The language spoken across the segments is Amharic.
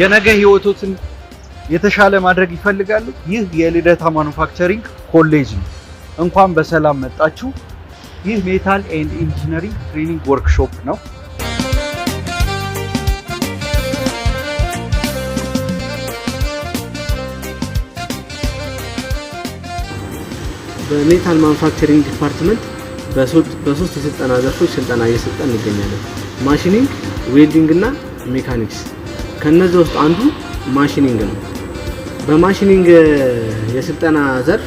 የነገ ህይወቶትን የተሻለ ማድረግ ይፈልጋሉ? ይህ የልደታ ማኑፋክቸሪንግ ኮሌጅ ነው። እንኳን በሰላም መጣችሁ። ይህ ሜታል ኤንድ ኢንጂነሪንግ ትሬኒንግ ወርክሾፕ ነው። በሜታል ማኑፋክቸሪንግ ዲፓርትመንት በሶስት የስልጠና ዘርፎች ስልጠና እየሰጠን እንገኛለን። ማሽኒንግ፣ ዌልዲንግ እና ሜካኒክስ ከነዚህ ውስጥ አንዱ ማሽኒንግ ነው። በማሽኒንግ የስልጠና ዘርፍ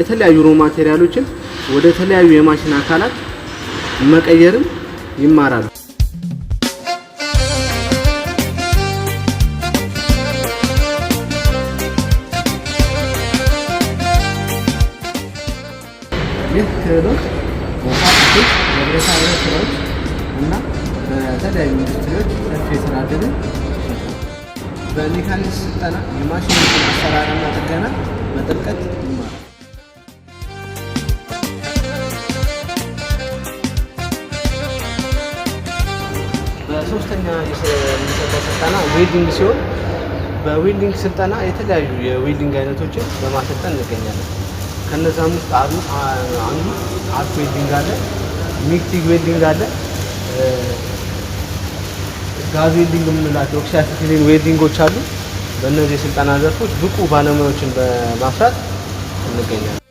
የተለያዩ ሮ ማቴሪያሎችን ወደ ተለያዩ የማሽን አካላት መቀየርን ይማራሉ። ይህ ክህሎት በፋብሪካዎች በብረታ ብረት ስራዎች እና በተለያዩ ኢንዱስትሪዎች ሰፊ የስራ ዕድልን በሜካኒክስ ስልጠና የማሽን አሰራርና ጥገና በጥልቀት ይማራል። በሶስተኛ የሚሰጠው ስልጠና ዌልዲንግ ሲሆን በዌልዲንግ ስልጠና የተለያዩ የዌልዲንግ አይነቶችን በማሰልጠን እንገኛለን። ከነዛም ውስጥ አንዱ አርክ ዌልዲንግ አለ፣ ሚክቲግ ዌልዲንግ አለ፣ ጋዝ ዌልዲንግ የምንላቸው ኦክሳይድ ፊሊንግ ዌልዲንጎች አሉ። በእነዚህ የስልጠና ዘርፎች ብቁ ባለሙያዎችን በማፍራት እንገኛለን።